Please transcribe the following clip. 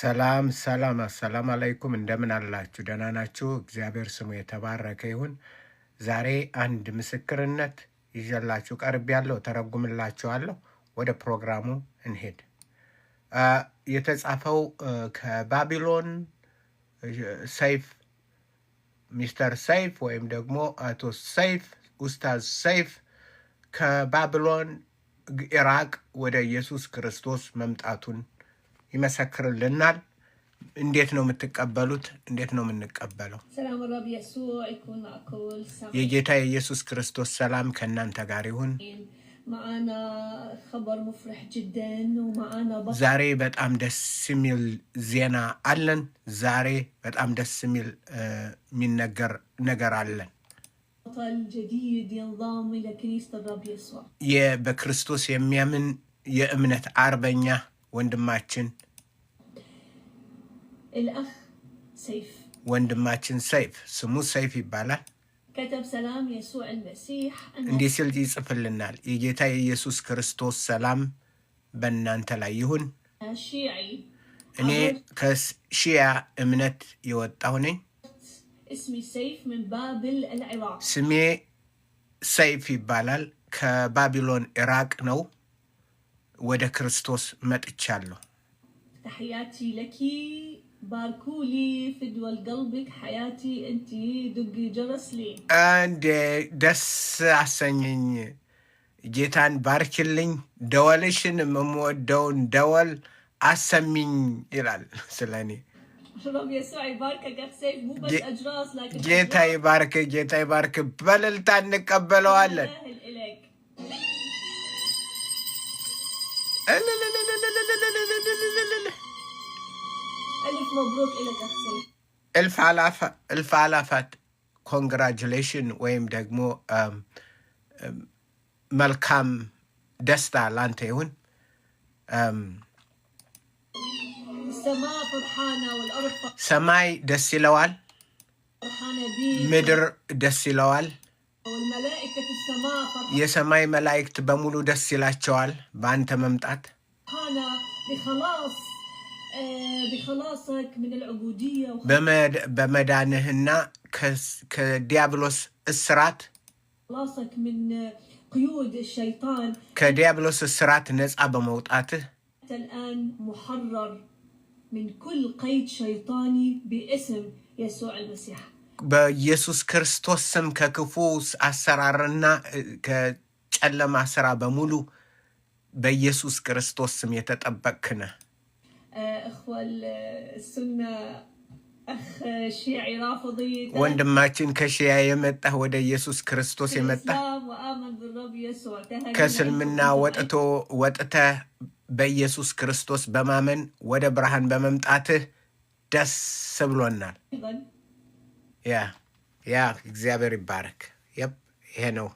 ሰላም ሰላም፣ አሰላም አለይኩም እንደምን አላችሁ? ደህና ናችሁ? እግዚአብሔር ስሙ የተባረከ ይሁን። ዛሬ አንድ ምስክርነት ይዤላችሁ ቀርብ ያለው ተረጉምላችኋለሁ። ወደ ፕሮግራሙ እንሄድ። የተጻፈው ከባቢሎን ሰይፍ ሚስተር ሰይፍ ወይም ደግሞ አቶ ሰይፍ ኡስታዝ ሰይፍ ከባቢሎን ኢራቅ ወደ ኢየሱስ ክርስቶስ መምጣቱን ይመሰክርልናል። እንዴት ነው የምትቀበሉት? እንዴት ነው የምንቀበለው? የጌታ የኢየሱስ ክርስቶስ ሰላም ከእናንተ ጋር ይሁን። ዛሬ በጣም ደስ የሚል ዜና አለን። ዛሬ በጣም ደስ የሚል የሚነገር ነገር አለን። በክርስቶስ የሚያምን የእምነት አርበኛ ወንድማችን الأخ ወንድማችን ሰይፍ ስሙ ሰይፍ ይባላል። ከተብ ሰላም እንዲህ ሲል ይጽፍልናል። የጌታ የኢየሱስ ክርስቶስ ሰላም በእናንተ ላይ ይሁን። እኔ ከሺያ እምነት የወጣሁ ነኝ። ስሜ ሰይፍ ይባላል። ከባቢሎን ኢራቅ ነው። ወደ ክርስቶስ መጥቻለሁ። አንድ ደስ አሰኘኝ። ጌታን ባርክልኝ ደወልሽን የምወደውን ደወል አሰሚኝ ይላል ስለ እኔ። ጌታ ይባርክ፣ ጌታ ይባርክ። በልልታ እንቀበለዋለን። እልፍ አላፋት ኮንግራጁሌሽን ወይም ደግሞ um, um, መልካም ደስታ ላንተ ይሁን። um, ሰማይ ደስ ይለዋል፣ ምድር ደስ ይለዋል። የሰማይ መላእክት በሙሉ ደስ ይላቸዋል በአንተ መምጣት آه، بخلاصك من العبودية كديابلوس السرات خلاصك من قيود الشيطان كديابلوس السرات نزعى بموتاته الآن محرر من كل قيد شيطاني باسم يسوع المسيح بيسوس كريستوس سم ككفوس أسرارنا كتعلم أسرار بمولو بيسوس كريستوس سم يتطبقنا ወንድማችን ከሺያ የመጣ ወደ ኢየሱስ ክርስቶስ የመጣ ከእስልምና ወጥቶ ወጥተ በኢየሱስ ክርስቶስ በማመን ወደ ብርሃን በመምጣትህ ደስ ብሎናል። ያ ያ እግዚአብሔር ይባረክ። ይሄ ነው